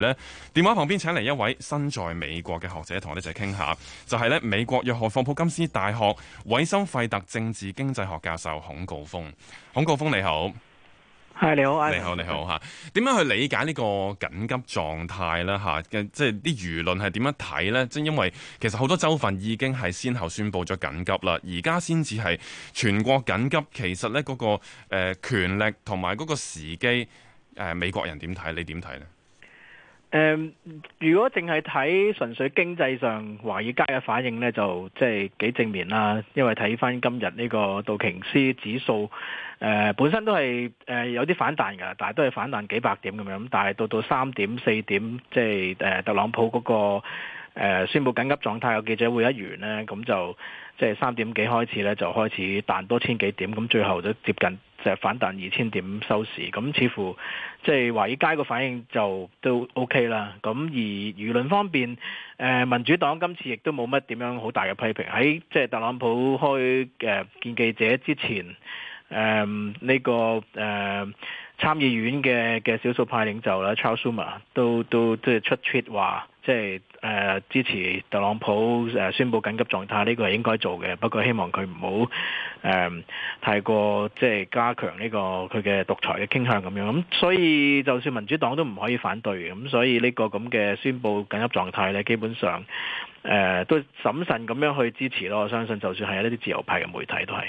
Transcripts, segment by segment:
咧電話旁邊請嚟一位身在美國嘅學者，同我哋一齊傾下，就係呢，美國約翰霍普金斯大學韋森費特政治經濟學教授孔誥烽。孔誥烽你好，係你好，你好，你好你好吓。點樣去理解呢個緊急狀態呢？吓，即係啲輿論係點樣睇呢？即係因為其實好多州份已經係先後宣布咗緊急啦，而家先至係全國緊急。其實呢個誒權力同埋嗰個時機，誒美國人點睇？你點睇咧？誒、嗯，如果淨係睇純粹經濟上華爾街嘅反應呢，就即係幾正面啦。因為睇翻今日呢個道瓊斯指數，誒、呃、本身都係誒、呃、有啲反彈噶，但係都係反彈幾百點咁樣。但係到到三點四點，即係誒特朗普嗰、那個誒、呃、宣佈緊急狀態有記者會一完呢，咁就即係三點幾開始呢，就開始彈多千幾點，咁最後都接近。就反彈二千點收市，咁似乎即係、就是、華爾街個反應就都 OK 啦。咁而輿論方面，誒、呃、民主黨今次亦都冇乜點樣好大嘅批評。喺即係特朗普開誒、呃、見記者之前，誒、呃、呢、這個誒、呃、參議院嘅嘅少數派領袖啦 Charles Schumer 都都即係出 tweet 話。即係支持特朗普宣布緊急狀態呢個係應該做嘅，不過希望佢唔好太過即係加強呢個佢嘅獨裁嘅傾向咁樣。咁所以就算民主黨都唔可以反對嘅，咁所以呢個咁嘅宣布緊急狀態呢基本上誒、呃、都審慎咁樣去支持咯。我相信就算係一啲自由派嘅媒體都係。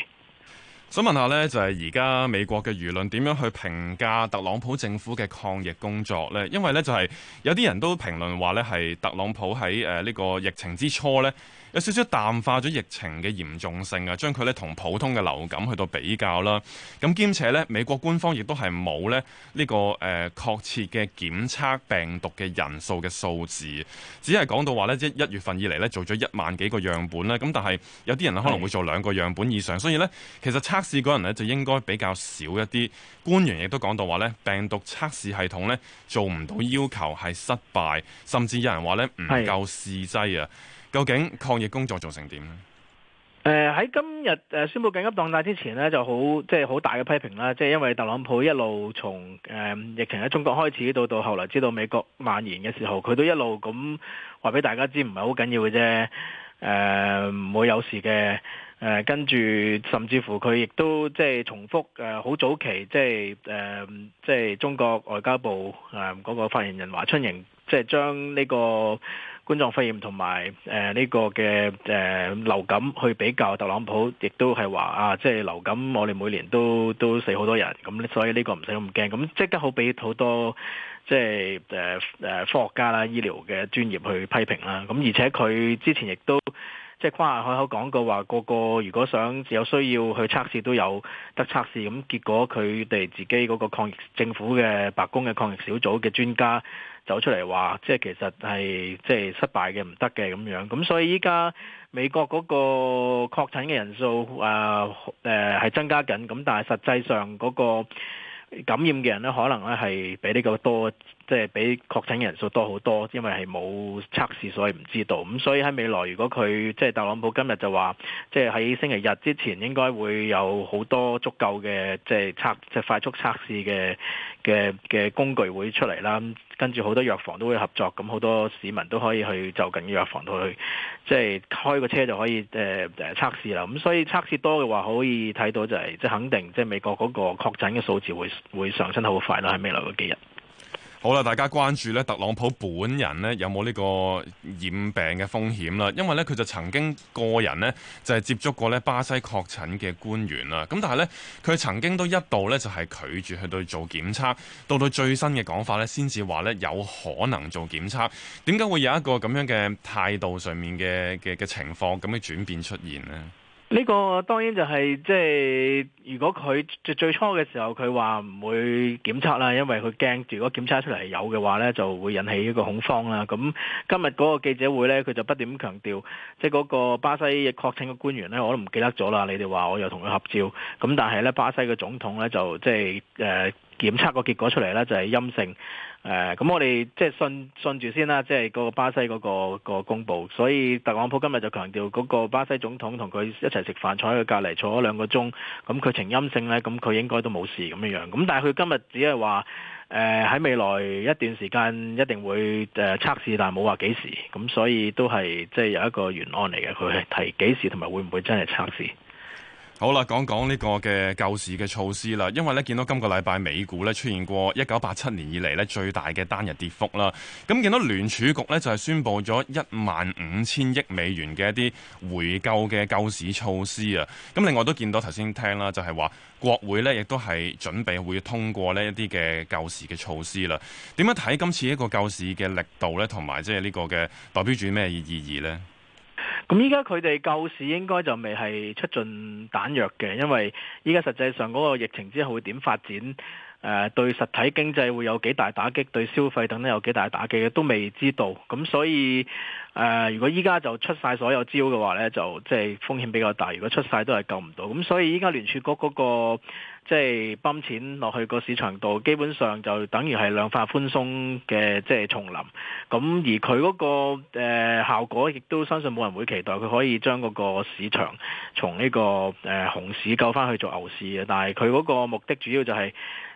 想問下呢，就係而家美國嘅輿論點樣去評價特朗普政府嘅抗疫工作呢？因為呢，就係有啲人都評論話呢，係特朗普喺誒呢個疫情之初呢。有少少淡化咗疫情嘅嚴重性啊，將佢咧同普通嘅流感去到比較啦。咁兼且呢，美國官方亦都係冇咧呢個誒、呃、確切嘅檢測病毒嘅人數嘅數字，只係講到話呢，即一月份以嚟呢，做咗一萬幾個樣本咧。咁但係有啲人可能會做兩個樣本以上，是所以呢，其實測試嗰人呢，就應該比較少一啲。官員亦都講到話呢，病毒測試系統呢，做唔到要求係失敗，甚至有人話呢，唔夠試劑啊。究竟抗疫工作做成點咧？誒、呃，喺今日誒宣布緊急狀態之前呢，就好即係好大嘅批評啦。即係因為特朗普一路從誒、呃、疫情喺中國開始到，到到後來知道美國蔓延嘅時候，佢都一路咁話俾大家知唔係好緊要嘅啫。誒、呃，唔會有事嘅。誒、呃，跟住甚至乎佢亦都即係重複誒，好、呃、早期即係誒，即係、呃、中國外交部誒嗰、呃那個發言人華春瑩，即係將呢個。冠狀肺炎同埋誒呢個嘅誒、呃、流感去比較，特朗普亦都係話啊，即係流感我哋每年都都死好多人，咁所以呢個唔使咁驚。咁即刻好畀好多即係誒誒科學家啦、醫療嘅專業去批評啦。咁而且佢之前亦都。即係誇下海口講過話，個個如果想有需要去測試都有得測試，咁結果佢哋自己嗰個抗疫政府嘅白宮嘅抗疫小組嘅專家走出嚟話，即係其實係即係失敗嘅，唔得嘅咁樣。咁所以依家美國嗰個確診嘅人數啊，誒誒係增加緊，咁但係實際上嗰個感染嘅人呢，可能咧係比呢個多。即係比確診人數多好多，因為係冇測試，所以唔知道。咁所以喺未來，如果佢即係特朗普今日就話，即係喺星期日之前應該會有好多足夠嘅即係測即係快速測試嘅嘅嘅工具會出嚟啦。跟住好多藥房都會合作，咁好多市民都可以去就近藥房度去即係開個車就可以誒誒、呃、測試啦。咁所以測試多嘅話，可以睇到就係即係肯定，即係美國嗰個確診嘅數字會會上升得好快咯。喺未來嘅幾日。好啦，大家關注呢，特朗普本人呢，有冇呢個染病嘅風險啦？因為呢，佢就曾經個人呢，就係接觸過呢巴西確診嘅官員啦。咁但係呢，佢曾經都一度呢，就係拒絕去到做檢測，到到最新嘅講法呢，先至話呢，有可能做檢測。點解會有一個咁樣嘅態度上面嘅嘅嘅情況咁嘅轉變出現呢？呢個當然就係即係，如果佢最初嘅時候佢話唔會檢測啦，因為佢驚，如果檢測出嚟有嘅話呢就會引起一個恐慌啦。咁今日嗰個記者會呢，佢就不斷強調，即係嗰個巴西嘅確診嘅官員呢，我都唔記得咗啦。你哋話我又同佢合照，咁但係呢巴西嘅總統呢，就即係誒。呃檢測個結果出嚟呢，就係陰性，誒、呃、咁我哋即係信信住先啦，即係嗰個巴西嗰、嗰個、個公佈，所以特朗普今日就強調嗰個巴西總統同佢一齊食飯坐喺佢隔離坐咗兩個鐘，咁佢呈陰性呢，咁佢應該都冇事咁樣樣，咁但係佢今日只係話誒喺未來一段時間一定會誒、呃、測試，但係冇話幾時，咁所以都係即係有一個原案嚟嘅，佢係提幾時同埋會唔會真係測試。好啦，講講呢個嘅救市嘅措施啦，因為咧見到今個禮拜美股咧出現過一九八七年以嚟咧最大嘅單日跌幅啦。咁、嗯、見到聯儲局咧就係、是、宣布咗一萬五千億美元嘅一啲回購嘅救市措施啊。咁、嗯、另外都見到頭先聽啦，就係、是、話國會咧亦都係準備會通過呢一啲嘅救市嘅措施啦。點樣睇今次一個救市嘅力度咧，同埋即係呢個嘅代表住咩意義呢？咁依家佢哋救市應該就未係出盡彈藥嘅，因為依家實際上嗰個疫情之後會點發展？誒、呃，對實體經濟會有幾大打擊，對消費等等有幾大打擊嘅，都未知道。咁所以誒、呃，如果依家就出晒所有招嘅話呢，就即係風險比較大。如果出晒都係救唔到。咁所以依家聯儲局嗰、那個即係泵錢落去個市場度，基本上就等於係量化寬鬆嘅，即係叢林。咁而佢嗰、那個誒、呃、效果，亦都相信冇人會期待佢可以將嗰個市場從呢、這個誒、呃、熊市救翻去做牛市嘅。但係佢嗰個目的主要就係、是。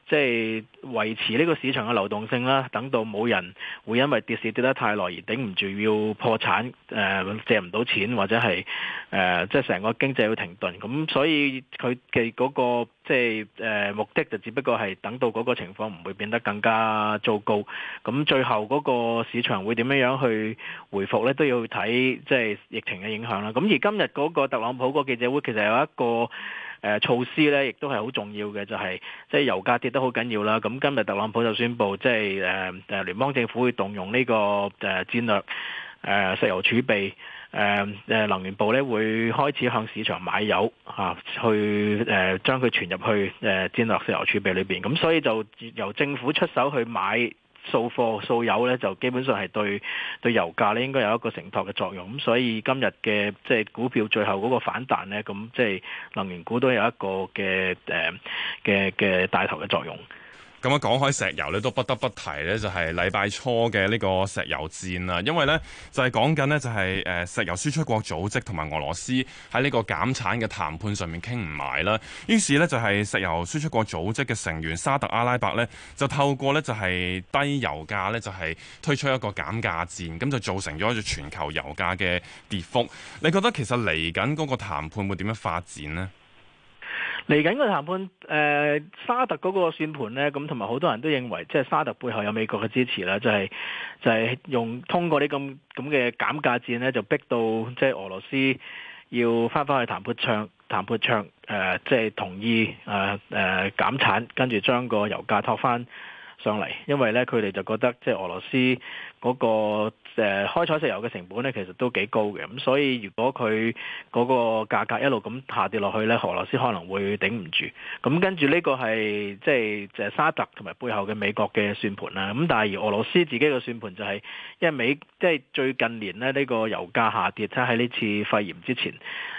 即係維持呢個市場嘅流動性啦，等到冇人會因為跌市跌得太耐而頂唔住要破產，誒、呃，借唔到錢或者係。誒、呃，即係成個經濟會停頓，咁、嗯、所以佢嘅嗰個即係誒、呃、目的就只不過係等到嗰個情況唔會變得更加糟糕，咁、嗯、最後嗰個市場會點樣樣去回復呢？都要睇即係疫情嘅影響啦。咁而今日嗰個特朗普嗰個記者會其實有一個誒、呃、措施呢，亦都係好重要嘅，就係、是、即係油價跌得好緊要啦。咁、嗯、今日特朗普就宣布，即係誒聯邦政府會動用呢、這個誒戰略誒石油儲備。誒誒、uh, 能源部咧會開始向市場買油嚇、啊，去誒、啊、將佢存入去誒戰略石油儲備裏邊。咁所以就由政府出手去買掃貨掃油咧，就基本上係對對油價咧應該有一個承托嘅作用。咁所以今日嘅即係股票最後嗰個反彈咧，咁即係能源股都有一個嘅誒嘅嘅帶頭嘅作用。咁樣講開石油咧，都不得不提呢就係禮拜初嘅呢個石油戰啦。因為呢，就係講緊呢，就係誒石油輸出國組織同埋俄羅斯喺呢個減產嘅談判上面傾唔埋啦。於是呢，就係石油輸出國組織嘅成員沙特阿拉伯呢，就透過呢，就係低油價呢，就係推出一個減價戰，咁就造成咗一個全球油價嘅跌幅。你覺得其實嚟緊嗰個談判會點樣發展呢？嚟緊個談判，誒、呃、沙特嗰個算盤呢，咁同埋好多人都認為，即係沙特背後有美國嘅支持啦，就係、是、就係、是、用通過啲咁咁嘅減價戰呢，就逼到即係俄羅斯要翻返去談判唱，唱談判唱誒，即、呃、係、就是、同意誒誒、呃呃、減產，跟住將個油價托翻上嚟，因為呢，佢哋就覺得即係俄羅斯。嗰個誒開採石油嘅成本咧，其實都幾高嘅，咁所以如果佢嗰個價格一路咁下跌落去咧，俄羅斯可能會頂唔住。咁跟住呢個係即係誒沙特同埋背後嘅美國嘅算盤啦。咁但係俄羅斯自己嘅算盤就係，因為美即係最近年咧呢個油價下跌，睇喺呢次肺炎之前，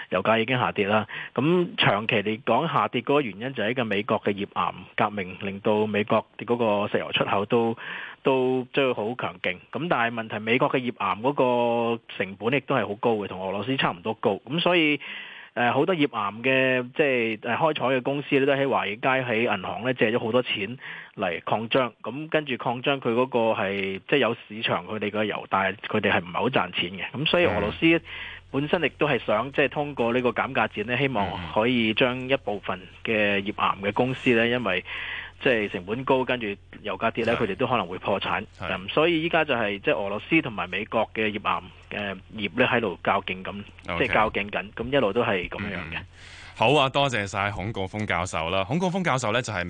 油價已經下跌啦。咁長期嚟講下跌嗰個原因就係一個美國嘅頁岩革命，令到美國嘅嗰個石油出口都都將會好強勁。咁但係問題，美國嘅頁岩嗰個成本亦都係好高嘅，同俄羅斯差唔多高。咁所以，誒、呃、好多頁岩嘅即係開採嘅公司咧，都喺華爾街喺銀行咧借咗好多錢嚟擴張。咁跟住擴張佢嗰個係即係有市場，佢哋嘅油，但係佢哋係唔係好賺錢嘅。咁所以俄羅斯本身亦都係想即係通過呢個減價戰咧，希望可以將一部分嘅頁岩嘅公司咧，因為，即係成本高，跟住油價跌咧，佢哋都可能會破產。咁的、嗯、所以依家就係即係俄羅斯同埋美國嘅頁岩嘅頁咧喺度較勁咁，呃、Okay. 即係較勁緊咁一路都係咁樣樣嘅、嗯。好啊，多謝晒孔誥烽教授啦。孔誥烽教授咧就係。美。